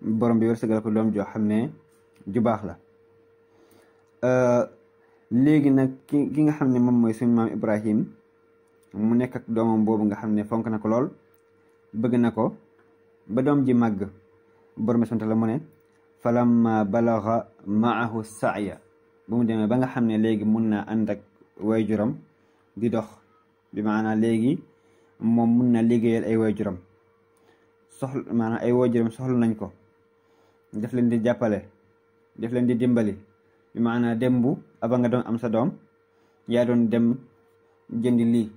borom bi wërsëgal ko doom joo xam ne ju baax la euh, léegi nag ki ki nga xam ne moom mooy suñu maam Ibrahim mu nekk ak doomam boobu nga xam ne fonk na ko lool bëgg na ko ba doom ji màgg borom bi sant la mu ne falamma balaga maahu saaya bu mu demee ba nga xam ne léegi mun na ànd ak juram di dox bi maanaam léegi moom mun na liggéeyal ay waajuram soxla maanaam ay waajuram soxla nañ ko def leen di jàppale def leen di dimbali bi maanaam dem bu aba nga doon am sa doom yaa doon dem jëndi lii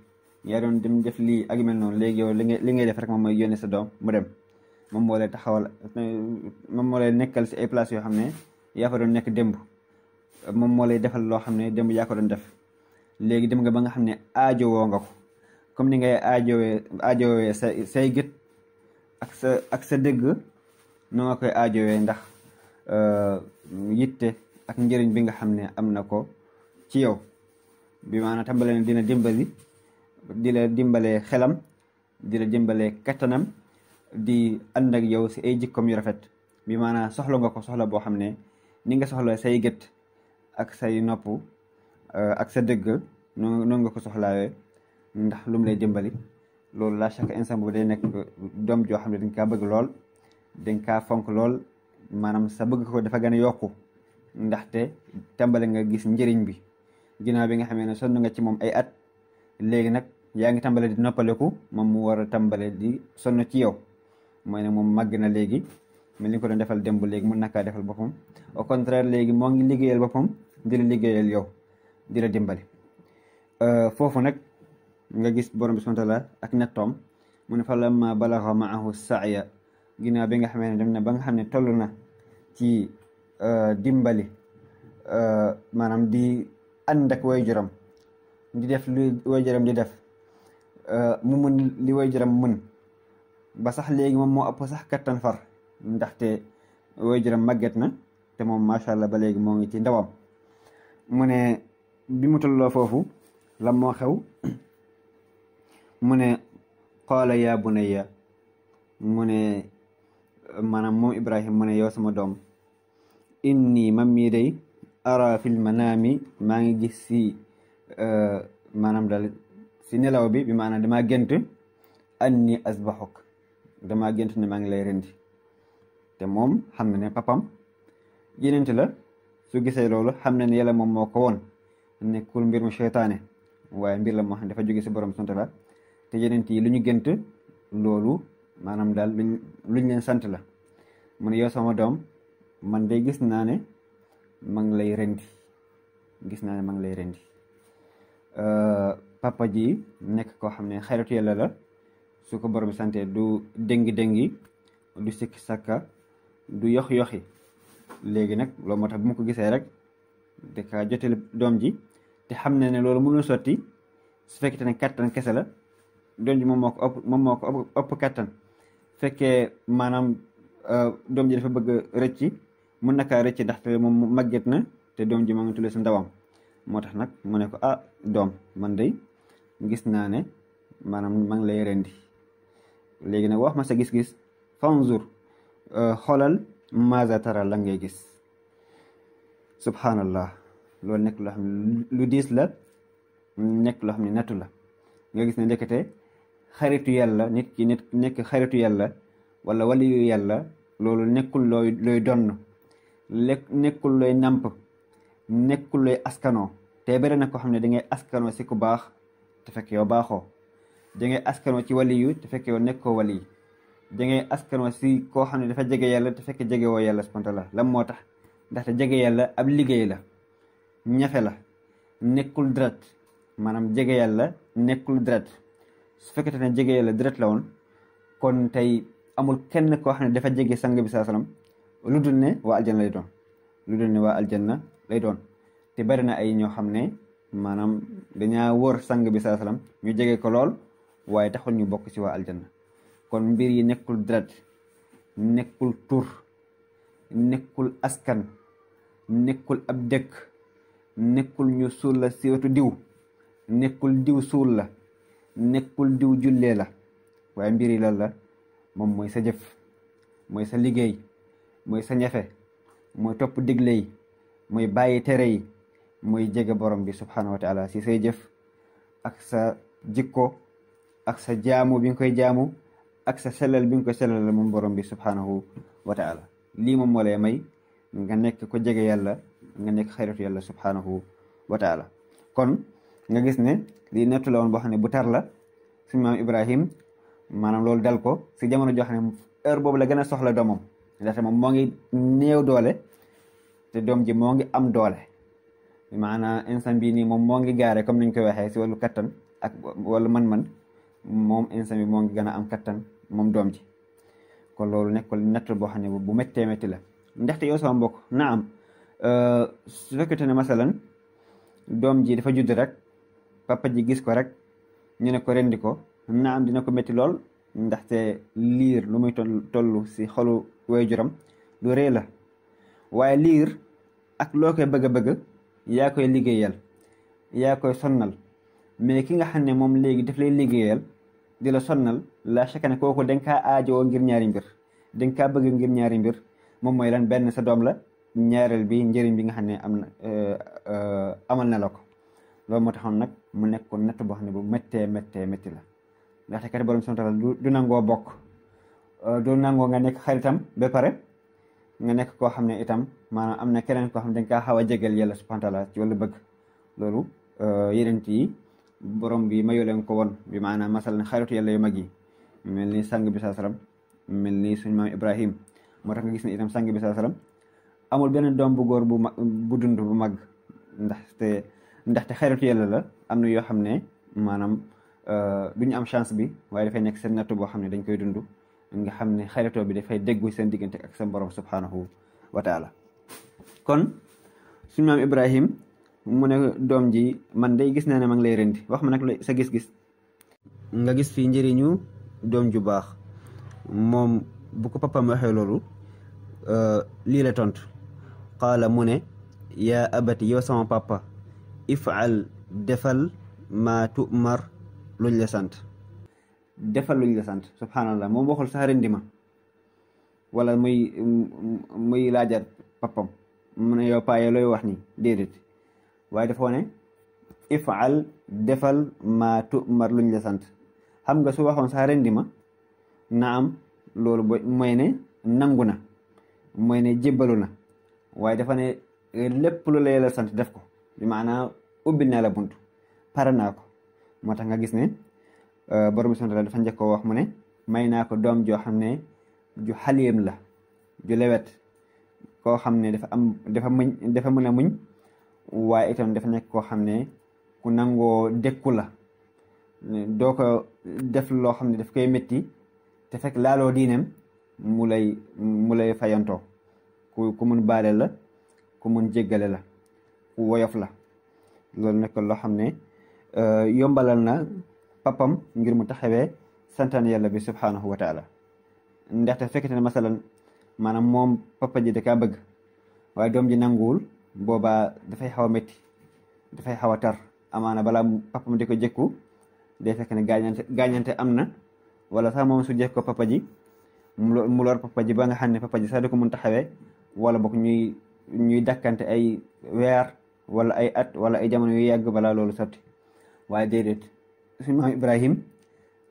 yaa doon dem def lii ak mel noonu léegi yow li li ngay def rek moom mooy yónnee sa doom mu dem moom moo lay taxawal moom moo lay nekkal si ay place yoo xam ne yaa fa doon nekk démb moom moo lay defal loo xam ne démb yaa ko doon def léegi dem nga ba nga xam ne aajowoo nga ko comme ni ngay aajowee aajowee say say gët ak sa ak sa dégg nu ma koy aajowee ndax euh, yitte ak njëriñ bi nga xam ne am na ko ci yow bi maanaam tàmbale ne dina dimbali di la dimbale xelam di la dimbale kattanam di ànd ak yow si ay jikkoom yu rafet bi maanaam soxla nga ko soxla boo xam ne ni nga soxla say gët ak say nopp euh, ak sa dëgg noonu nga ko soxlaawee ndax lu lay dimbali loolu la chaque instant bu day nekk doom joo xam ne dañ kaa bëgg lool dañ kaa fonk lool maanaam sa bëgg ko dafa gën yokku ndaxte tàmbali nga gis njëriñ bi ginnaaw bi nga xamee ne sonn nga ci moom ay at léegi nag yaa ngi tàmbale di noppaleku moom mu war a tàmbale di sonn ci yow mooy ne moom màgg na léegi mel ni ko doon defal démb léegi mun na defal boppam au contraire léegi moo ngi liggéeyal boppam di liggéeyal yow di la dimbali euh, foofu nag nga gis borom bi subhanahu wa taala ak nettoom mu ne fa lamma balaxa maahu saaya ginnaaw bi nga xamee ne dem na ba nga xam ne tollu na ci euh, dimbali euh, maanaam di ànd ak waajuram di def li waajuram di def euh, mu mën li waajuram mën ba sax léegi moom moo app sax kattan far ndaxte waajuram màgget na te moom macha allah ba léegi moo ngi ci ndawam mu ne bi foofu lan moo xew mu ne qaala yaa bunayya maanaam moom Ibrahima mu ne yow sama doom inni man mii day ara fil manaami maa ngi gis si euh, maanaam daal si nelaw bi bi maanaam damaa gént anni asbaxuk damaa gént ne maa ngi lay rendi te moom xam na ne papam yenente la su gisee loolu xam na ne yàlla moom moo ko woon nekkul mbir mu seytaane waaye mbir la moo xam ne dafa jóge si borom sant la te yenent yi lu loolu maanaam daal luñ luñ leen sant la mu ne yow sama doom man de gis naa ne ma ngi lay rendi gis naa ne ma ngi lay rendi euh, papa ji nekk koo xam ne xaritu yàlla la su ko borom sante du déngi-déngi du sikki sakka du yox-yoxi léegi nag loo moo tax bu ko gisee rek da kaa jotele doom ji te xam ne ne loolu mënul sotti su fekkee ne kattan kese la doom ji moom moo ko ëpp moom ko ëpp kattan fekkee maanaam euh, doom ji dafa bëgg rëcci mun na kaa rëcci ndaxte moom màgget na te doom ji moo ngi si ndawam moo tax nag mu ne ko ah doom man day gis naa ne maanaam maa ngi lay rendi léegi nag wax ma sa gis-gis fanzur euh, xoolal maza tara la ngay gis subhanallah loolu nekk loo xam ne lu diis la nekk loo xam ne nattu la nga gis ne ndekete xaritu yàlla nit ki nit nekk xaritu yàlla wala waliyu yàlla loolu nekkul looy looy donn nekkul looy nàmp nekkul looy askanoo te bëri na ko xam ne da askano si ku baax te fekk yow baaxoo da ngay askanoo ci waliyu te fekk yow nekkoo wali da ngay askanoo si koo xam ne dafa jege yàlla te fekk jege woo yàlla subhanahu wa taala lan moo tax ndaxte jege yàlla ab liggéey la ñafe la nekkul deret maanaam jege yàlla nekkul deret su fekkete ne jege la deret la woon kon tey amul kenn koo xam ne dafa jege sang bi saa salaam lu ne waa aljanna lay doon lu dul waa aljanna lay doon te bari na ay ñoo xam ne maanaam dañaa wóor sang bi saa salaam ñu jege ko lool waaye taxul ñu bokk ci waa aljanna kon mbir yi nekkul deret nekkul tur nekkul askan nekkul ab dëkk nekkul ñu suul la si wetu diw nekkul diw suul la nekkul diw jullee la waaye mbiri la moom mooy sa jëf mooy sa liggéey mooy sa ñafe mooy topp digle yi mooy bàyyi tere yi mooy jege borom bi subhanahu wa taala si say jëf ak sa jikko ak sa jaamu bi nga koy jaamu ak sa sellal bi nga koy sellal la moom borom bi subhanahu wa taala lii moom moo lay may nga nekk ko jege yàlla nga nekk xaritu yàlla subhanahu wa taala kon nga gis ne lii nettu la boo xam ne bu tar la suñu maam Ibrahim maanaam loolu dal ko si jamono joo xam ne heure boobu la gën a soxla doomam ndaxte moom moo ngi néew doole te doom ji moo ngi am doole maanaam instant bii nii moom moo ngi gaare comme niñ ko waxee si wàllu kattan ak wàllu man-man moom instant bi moo ngi gën a am kattan moom doom ji kon loolu nekkul nettu boo xam ne bu méttee métti la ndaxte yow sama mbokk na am euh, ne masalan doom ji dafa judd rek papa ji gis ko rek ñu ne ko rendi ko na am dina ko métti lool ndaxte liir lu muy tollu si xolu waajuram juram rëy la waaye liir ak loo koy bëgg a bëgg yaa koy liggéeyal yaa koy sonnal mais ki nga xam ne moom léegi daf lay liggéeyal di la sonnal laa chaque année kooku da nga kaa aajowoo ngir ñaari mbir da nga kaa bëgg ngir ñaari mbir moom mooy lan benn sa doom la ñaareel bi njëriñ bi nga xam ne am na euh, euh, amal na la ko loolu moo taxoon nag mu nekk ko natt boo xam ne bu méttee méttee métti la ndaxte kat borom sontal du nangoo bokk euh, du nangoo nga nekk xaritam ba pare nga nekk koo xam ne itam maanaam am na keneen koo xam ne dañ kaa xaw a jégal yàlla subhanahu taala ci wàllu bëgg loolu euh, yeneen yi borom bi mayoo leen ko woon bi maanaam masalan xaritu yàlla yu mag yi mel ni sang bi saa salaam mel ni suñu maam Ibrahim moo tax nga gis ne itam sang bi saa amul beneen doom bu góor bu bu dund bu mag ndaxte. ndaxte xaritu yàlla la am na yoo xam ne maanaam euh, du ñu am chance bi waaye dafay nekk seen nattu boo xam ne dañ koy dund nga xam ne xaritoo bi dafay déggu seen diggante ak seen borom subhanahu wa taala kon suñu maam Ibrahim mu ne doom ji man day gis naa ne ma lay rendi wax ma nag sa gis-gis nga gis fii njëriñu doom ju baax moom bu ko papam waxee loolu euh, lii la tontu qaala mu ne yaa abati yow sama papa ifal defal maa tu'mar luñ la sant defal luñ la sant subhanallah moom waxul sax rendi ma wala muy muy laajaat papam mu ne looy wax ni déedéet waaye dafa wone ifal defal maa tu'mar luñ la sant xam nga su waxoon sax rendi ma na am loolu mooy ne nangu na moy ne jébbalu na waaye defane ne lépp lu lay sant def ko ubbil naa la bunt pare naa ko moo tax nga gis ne euh, borom bi subhaanahu wa taala dafa njëkkoo wax mu ne may naa ko doom joo xam ne ju xaliyam la ju lewet koo xam ne dafa am dafa muñ dafa mën muñ waaye itam dafa nekk koo xam ne ku nangoo dékku la doo ko def loo xam ne daf koy metti te fekk laaloo diineem mu lay mu fayantoo ku ku mun baale la ku mun jéggale la ku woyof la loolu nekkoon loo xam ne euh, yombalal na papam ngir mu taxawee santaan yàlla bi subhaanahu wa taala ndaxte fekkete ne masalan maanaam moom papa ji da bëgg waaye doom ji nanguwul boobaa dafay xaw metti dafay xaw a tar na balaa papam di ko jëkku day fekk ne gaañante gaañante am na wala sax moom su jëkk ko papa ji mu lor papa ji ba nga xam ne papa ji sax du ko mun taxawee wala boog ñuy ñuy dakkante ay weer wala ay at wala ay jamono yu yàgg balaa loolu sotti waaye déedéet suñu maam Ibrahim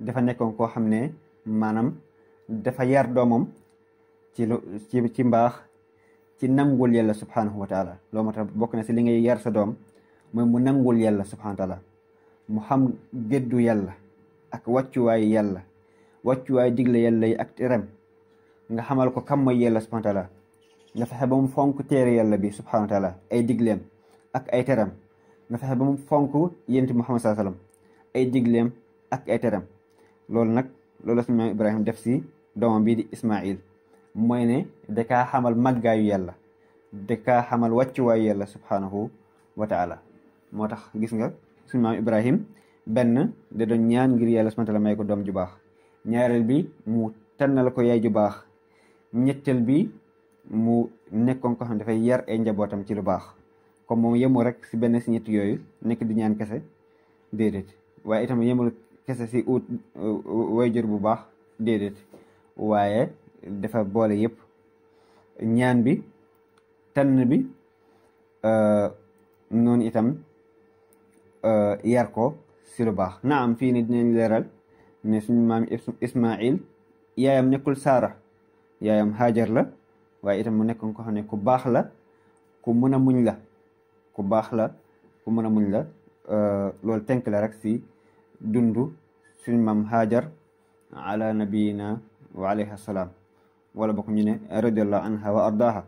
dafa nekkoon koo xam ne maanaam dafa yar doomam ci lu ci ci mbaax ci nangul yàlla subhanahu wa taala loolu bokk na si li ngay yar sa doom mooy mu nangul yàlla subhanahu wa taala mu xam géddu yàlla ak wàccuwaay yàlla wàccuwaay digle yàlla yi ak teram nga xamal ko kam mooy yàlla subhanahu wa nga fexe ba mu fonk téere yàlla bi subhanahu wa taala ay digleem ak ay teram na fexe ba mu fonk yonent bi Muhammad sallallahu ay digleem ak ay teram loolu nag loolu la suñu maam Ibrahima def si doomam bii di Ismaïl mooy ne dakaa xamal màggaayu yàlla dakaa xamal wàccuwaayu yàlla subhaanahu wa taala moo tax gis nga suñu maam Ibrahim benn da doon ñaan ngir yàlla subhaanahu wa taala may ko doom ju baax ñaareel bi mu tànnal ko yaay ju baax ñetteel bi mu nekkoon ko xam dafay ay njabootam ci lu baax comme moom yemul rek si benn si ñett yooyu nekk di ñaan kese déedéet waaye itam yemul kese si ut euh, wayjur bu baax déedéet waaye dafa boole yépp ñaan bi tànn bi euh, noonu itam euh, yar ko si lu baax am fii ni dinañ leeral ne suñu maam Ismail yaayam nekkul Saara yaayam Hajar la waaye itam mu nekkoon ko xam ko ku baax la ku mën a muñ la ku baax la ku mën a muñ la euh, loolu tënk la rek si dundu suñ maam Hajar ala nabiyina wa alayha salaam wala bokk ñu ne radiallahu anha wa ardaha